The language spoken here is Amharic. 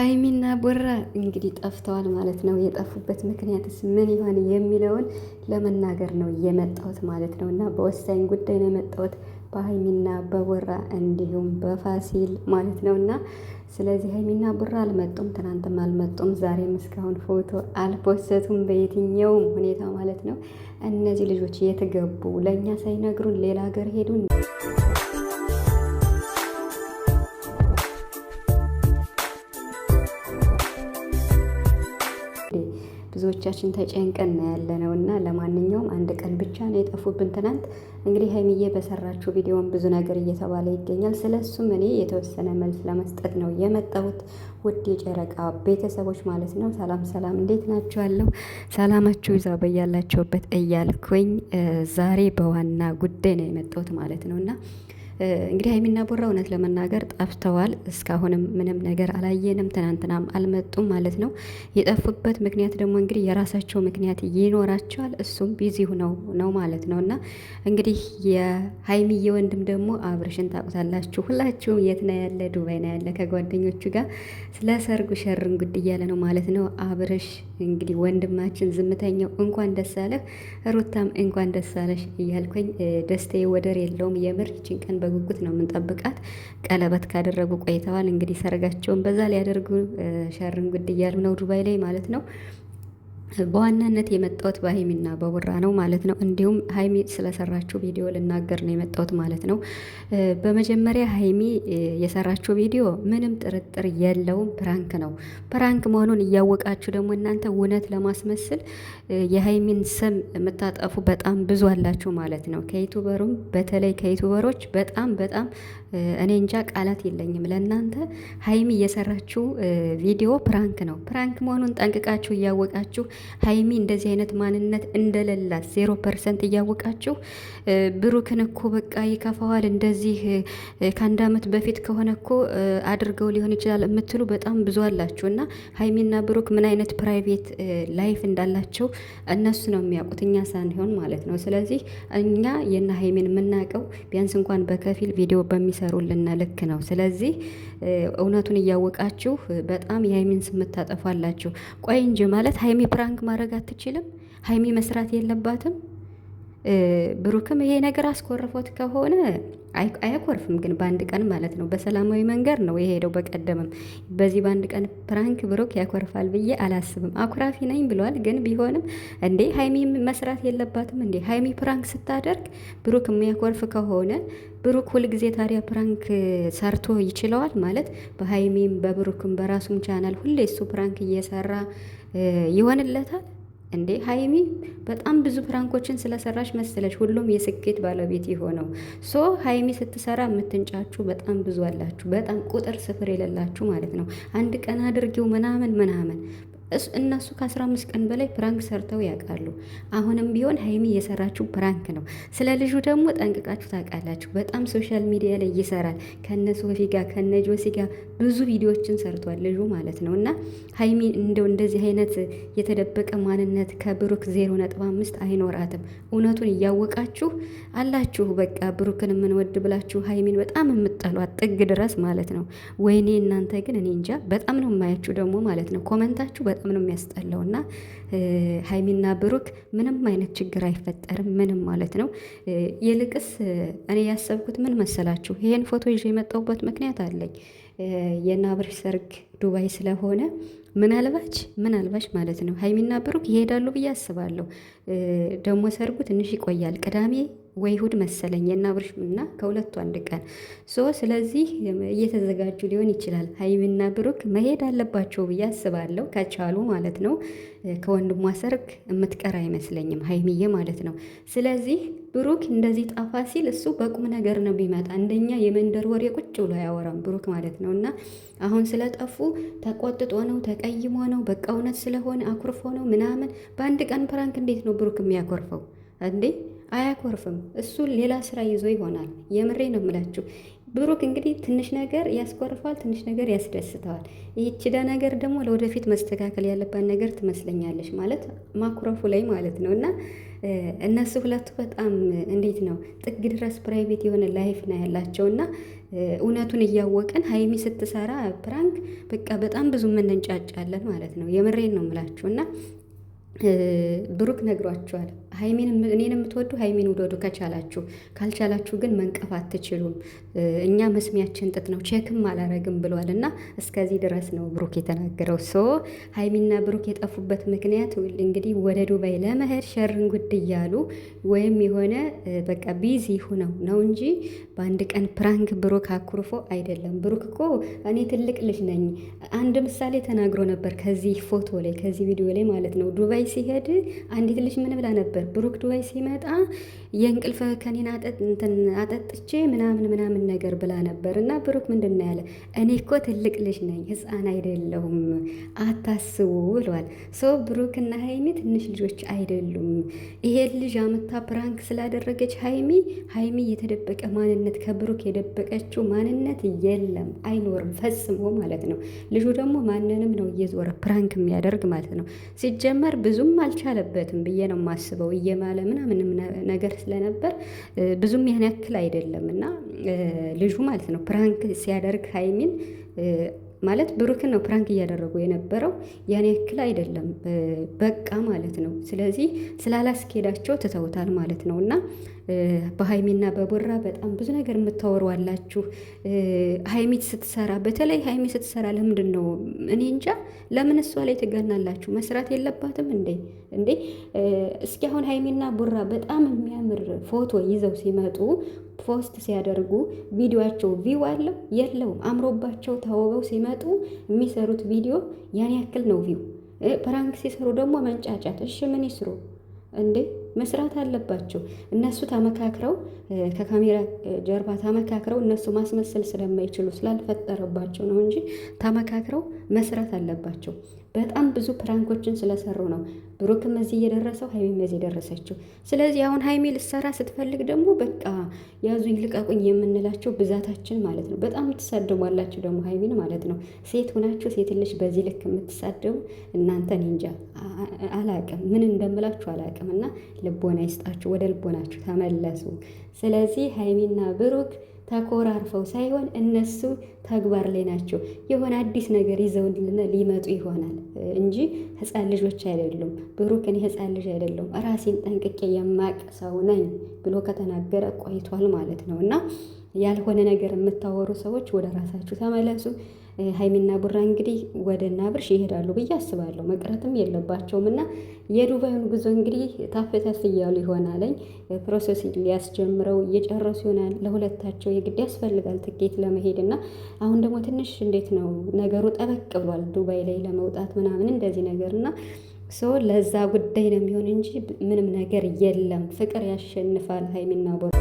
ሀይሚና ቦራ እንግዲህ ጠፍተዋል ማለት ነው። የጠፉበት ምክንያትስ ምን ይሆን የሚለውን ለመናገር ነው የመጣሁት ማለት ነው። እና በወሳኝ ጉዳይ ነው የመጣሁት በሀይሚና በቦራ እንዲሁም በፋሲል ማለት ነው። እና ስለዚህ ሀይሚና ቡራ አልመጡም፣ ትናንትም አልመጡም፣ ዛሬም እስካሁን ፎቶ አልፖሰቱም በየትኛውም ሁኔታ ማለት ነው። እነዚህ ልጆች እየተገቡ ለእኛ ሳይነግሩን ሌላ ሀገር ሄዱ። ብዙዎቻችን ተጨንቀን ነው እና ለማንኛውም አንድ ቀን ብቻ ነው የጠፉብን ትናንት። እንግዲህ ሀይሚዬ በሰራችው ቪዲዮን ብዙ ነገር እየተባለ ይገኛል። ስለ እሱም እኔ የተወሰነ መልስ ለመስጠት ነው የመጣሁት። ውድ የጨረቃ ቤተሰቦች ማለት ነው። ሰላም ሰላም፣ እንዴት ናችኋለሁ? ሰላማችሁ ይዛ በያላችሁበት እያልኩኝ ዛሬ በዋና ጉዳይ ነው የመጣሁት ማለት ነው እና እንግዲህ ሀይሚና ቦራ እውነት ለመናገር ጠፍተዋል። እስካሁንም ምንም ነገር አላየንም። ትናንትናም አልመጡም ማለት ነው። የጠፉበት ምክንያት ደግሞ እንግዲህ የራሳቸው ምክንያት ይኖራቸዋል። እሱም ቢዚ ሁነው ነው ማለት ነው። እና እንግዲህ የሀይሚዬ ወንድም ደግሞ አብርሽን ታቁታላችሁ ሁላችሁም። የት ነው ያለ? ዱባይ ነው ያለ ከጓደኞቹ ጋር ስለ ሰርጉ ሸርን ጉድ እያለ ነው ማለት ነው አብርሽ እንግዲህ ወንድማችን ዝምተኛው እንኳን ደስ አለህ፣ ሩታም እንኳን ደስ አለሽ እያልኩኝ ደስታዬ ወደር የለውም። የምር ይችን ቀን በጉጉት ነው የምንጠብቃት። ቀለበት ካደረጉ ቆይተዋል። እንግዲህ ሰርጋቸውን በዛ ሊያደርጉ ሸርን ጉድ እያሉ ነው ዱባይ ላይ ማለት ነው። በዋናነት የመጣሁት በሀይሚና በቡራ ነው ማለት ነው። እንዲሁም ሀይሚ ስለሰራችው ቪዲዮ ልናገር ነው የመጣሁት ማለት ነው። በመጀመሪያ ሀይሚ የሰራችው ቪዲዮ ምንም ጥርጥር የለውም ፕራንክ ነው። ፕራንክ መሆኑን እያወቃችሁ ደግሞ እናንተ እውነት ለማስመስል የሀይሚን ስም የምታጠፉ በጣም ብዙ አላችሁ ማለት ነው። ከዩቱበሩም በተለይ ከዩቱበሮች በጣም በጣም እኔ እንጃ ቃላት የለኝም ለእናንተ። ሀይሚ የሰራችው ቪዲዮ ፕራንክ ነው። ፕራንክ መሆኑን ጠንቅቃችሁ እያወቃችሁ ሀይሚ እንደዚህ አይነት ማንነት እንደሌላት ዜሮ ፐርሰንት እያወቃችሁ ብሩክን እኮ በቃ ይከፋዋል። እንደዚህ ከአንድ አመት በፊት ከሆነ እኮ አድርገው ሊሆን ይችላል የምትሉ በጣም ብዙ አላችሁ እና ሀይሚና ብሩክ ምን አይነት ፕራይቬት ላይፍ እንዳላቸው እነሱ ነው የሚያውቁት፣ እኛ ሳንሆን ማለት ነው። ስለዚህ እኛ የና ሀይሚን የምናውቀው ቢያንስ እንኳን በከፊል ቪዲዮ በሚሰሩልና ልክ ነው። ስለዚህ እውነቱን እያወቃችሁ በጣም የሀይሚን ስም ታጠፋላችሁ። ቆይ እንጂ ማለት ሀይሚ ፕራንክ ማድረግ አትችልም? ሀይሚ መስራት የለባትም? ብሩክም ይሄ ነገር አስኮርፎት ከሆነ አያኮርፍም፣ ግን በአንድ ቀን ማለት ነው። በሰላማዊ መንገድ ነው የሄደው። በቀደምም በዚህ በአንድ ቀን ፕራንክ ብሩክ ያኮርፋል ብዬ አላስብም። አኩራፊ ነኝ ብለዋል፣ ግን ቢሆንም እንዴ ሀይሚ መስራት የለባትም እንዴ? ሀይሚ ፕራንክ ስታደርግ ብሩክ የሚያኮርፍ ከሆነ ብሩክ ሁልጊዜ ታዲያ ፕራንክ ሰርቶ ይችለዋል ማለት በሀይሚም በብሩክም በራሱም ቻናል ሁሌ እሱ ፕራንክ እየሰራ ይሆንለታል እንዴ ሀይሚ በጣም ብዙ ፕራንኮችን ስለሰራሽ መሰለች ሁሉም የስኬት ባለቤት የሆነው ሶ ሀይሚ ስትሰራ የምትንጫችሁ በጣም ብዙ አላችሁ በጣም ቁጥር ስፍር የሌላችሁ ማለት ነው አንድ ቀን አድርጊው ምናምን ምናምን እነሱ ከአስራ 15 ቀን በላይ ፕራንክ ሰርተው ያውቃሉ። አሁንም ቢሆን ሀይሚ እየሰራችሁ ፕራንክ ነው። ስለ ልጁ ደግሞ ጠንቅቃችሁ ታውቃላችሁ። በጣም ሶሻል ሚዲያ ላይ ይሰራል። ከነ ሶፊ ጋር ከነ ጆሲ ጋር ብዙ ቪዲዮዎችን ሰርቷል ልጁ ማለት ነው። እና ሀይሚ እንደው እንደዚህ አይነት የተደበቀ ማንነት ከብሩክ ዜሮ ነጥብ አምስት አይኖራትም። እውነቱን እያወቃችሁ አላችሁ በቃ ብሩክን የምንወድ ብላችሁ ሀይሚን በጣም የምጠሏት ጥግ ድረስ ማለት ነው። ወይኔ እናንተ ግን እኔ እንጃ። በጣም ነው የማያችሁ ደግሞ ማለት ነው። ኮመንታችሁ በጣም ነው የሚያስጠላው። እና ሀይሚና ብሩክ ምንም አይነት ችግር አይፈጠርም፣ ምንም ማለት ነው። ይልቅስ እኔ ያሰብኩት ምን መሰላችሁ? ይሄን ፎቶ ይዤ የመጣሁበት ምክንያት አለኝ። የናብር ሰርግ ዱባይ ስለሆነ ምናልባች ምናልባች ማለት ነው ሀይሚና ብሩክ ይሄዳሉ ብዬ አስባለሁ። ደግሞ ሰርጉ ትንሽ ይቆያል ቅዳሜ ወይ እሑድ መሰለኝ እና እና ከሁለቱ አንድ ቀን ሶ ስለዚህ እየተዘጋጁ ሊሆን ይችላል። ሀይሚና ብሩክ መሄድ አለባቸው ብዬ አስባለሁ፣ ከቻሉ ማለት ነው። ከወንድሟ ሰርግ የምትቀር አይመስለኝም ሀይሚዬ ማለት ነው። ስለዚህ ብሩክ እንደዚህ ጣፋ ሲል እሱ በቁም ነገር ነው ቢመጣ። አንደኛ የመንደር ወሬ ቁጭ ብሎ አያወራም ብሩክ ማለት ነው። እና አሁን ስለጠፉ ተቆጥጦ ነው ተቀይሞ ነው በቃ እውነት ስለሆነ አኩርፎ ነው ምናምን። በአንድ ቀን ፕራንክ እንዴት ነው ብሩክ የሚያኮርፈው እንዴ? አያኮርፍም። እሱ ሌላ ስራ ይዞ ይሆናል። የምሬ ነው የምላችሁ። ብሩክ እንግዲህ ትንሽ ነገር ያስኮርፋል፣ ትንሽ ነገር ያስደስተዋል። ይችዳ ነገር ደግሞ ለወደፊት መስተካከል ያለባት ነገር ትመስለኛለች፣ ማለት ማኩረፉ ላይ ማለት ነው። እና እነሱ ሁለቱ በጣም እንዴት ነው ጥግ ድረስ ፕራይቬት የሆነ ላይፍ ነው ያላቸው። እና እውነቱን እያወቅን ሀይሚ ስትሰራ ፕራንክ በቃ በጣም ብዙ የምንንጫጫለን ማለት ነው። የምሬን ነው የምላችሁ እና ብሩክ ነግሯቸዋል ሀይሜን እኔን የምትወዱ ሀይሜን ውደዱ ከቻላችሁ፣ ካልቻላችሁ ግን መንቀፍ አትችሉም። እኛ መስሚያችን ጥጥ ነው ቼክም አላረግም ብሏል እና እስከዚህ ድረስ ነው ብሩክ የተናገረው። ሶ ሀይሚና ብሩክ የጠፉበት ምክንያት እንግዲህ ወደ ዱባይ ለመሄድ ሸርንጉድ እያሉ ወይም የሆነ በቃ ቢዚ ሁነው ነው እንጂ በአንድ ቀን ፕራንክ ብሩክ አኩርፎ አይደለም። ብሩክ እኮ እኔ ትልቅ ልጅ ነኝ አንድ ምሳሌ ተናግሮ ነበር ከዚህ ፎቶ ላይ ከዚህ ቪዲዮ ላይ ማለት ነው። ዱባይ ሲሄድ አንዲት ልጅ ምን ብላ ነበር? ብሩክ ዱባይ ሲመጣ የእንቅልፍ ከኔን አጠጥቼ ምናምን ምናምን ነገር ብላ ነበር እና ብሩክ ምንድን ነው ያለ? እኔ እኮ ትልቅ ልጅ ነኝ ህፃን አይደለሁም አታስቡ ብሏል። ሰው ብሩክና ሀይሚ ትንሽ ልጆች አይደሉም። ይሄን ልጅ አመታ ፕራንክ ስላደረገች ሀይሚ ሀይሚ የተደበቀ ማንነት ከብሩክ የደበቀችው ማንነት የለም አይኖርም ፈጽሞ ማለት ነው። ልጁ ደግሞ ማንንም ነው እየዞረ ፕራንክ የሚያደርግ ማለት ነው። ሲጀመር ብዙም አልቻለበትም ብዬ ነው የማስበው። እየማለ ምናምንም ነገር ስለነበር ብዙም ያን ያክል አይደለም እና ልጁ ማለት ነው ፕራንክ ሲያደርግ ሀይሚን ማለት ብሩክን ነው ፕራንክ እያደረጉ የነበረው ያን ያክል አይደለም፣ በቃ ማለት ነው። ስለዚህ ስላላስኬዳቸው ትተውታል ማለት ነው። እና በሀይሚና በቦራ በጣም ብዙ ነገር የምታወሩ አላችሁ። ሀይሚት ስትሰራ፣ በተለይ ሀይሚ ስትሰራ ለምንድን ነው እኔ እንጃ፣ ለምን እሷ ላይ ትገናላችሁ? መስራት የለባትም እንዴ? እንዴ እስኪ አሁን ሀይሚና ቡራ በጣም የሚያምር ፎቶ ይዘው ሲመጡ ፖስት ሲያደርጉ ቪዲዮቸው ቪው አለው የለውም፣ አምሮባቸው ተውበው ሲመጡ የሚሰሩት ቪዲዮ ያን ያክል ነው ቪው። ፕራንክ ሲሰሩ ደግሞ መንጫጫት። እሺ ምን ይስሩ እንዴ? መስራት አለባቸው። እነሱ ተመካክረው ከካሜራ ጀርባ ተመካክረው እነሱ ማስመሰል ስለማይችሉ ስላልፈጠረባቸው ነው እንጂ ተመካክረው መስራት አለባቸው። በጣም ብዙ ፕራንኮችን ስለሰሩ ነው ብሩክም እዚህ እየደረሰው ሀይሚም እዚህ የደረሰችው። ስለዚህ አሁን ሀይሚ ልሰራ ስትፈልግ ደግሞ በቃ ያዙኝ ልቀቁኝ የምንላቸው ብዛታችን ማለት ነው። በጣም የምትሳደቧላችሁ ደግሞ ሀይሚን ማለት ነው። ሴት ሆናችሁ ሴት ልጅ በዚህ ልክ የምትሳደቡ እናንተን እንጃ አላቅም ምን እንደምላችሁ አላቅም እና ልቦና ይስጣችሁ፣ ወደ ልቦናችሁ ተመለሱ። ስለዚህ ሀይሚና ብሩክ ተኮራርፈው ሳይሆን እነሱ ተግባር ላይ ናቸው። የሆነ አዲስ ነገር ይዘው ሊመጡ ይሆናል እንጂ ህፃን ልጆች አይደሉም። ብሩክ እኔ ልጅ አይደለም ራሴን ጠንቅቄ የማቅ ሰው ነኝ ብሎ ከተናገረ ቆይቷል ማለት ነው እና ያልሆነ ነገር የምታወሩ ሰዎች ወደ ራሳችሁ ተመለሱ። ሀይሚና ቡራ እንግዲህ ወደ ናብርሽ ይሄዳሉ ብዬ አስባለሁ። መቅረትም የለባቸውም እና የዱባዩን ጉዞ እንግዲህ ታፈታስ እያሉ ይሆናለኝ ፕሮሰስ ሊያስጀምረው እየጨረሱ ይሆናል። ለሁለታቸው የግድ ያስፈልጋል ትኬት ለመሄድ እና አሁን ደግሞ ትንሽ እንዴት ነው ነገሩ ጠበቅ ብሏል። ዱባይ ላይ ለመውጣት ምናምን እንደዚህ ነገር እና ሶ ለዛ ጉዳይ ነው የሚሆን እንጂ ምንም ነገር የለም። ፍቅር ያሸንፋል። ሀይሚና ቡራ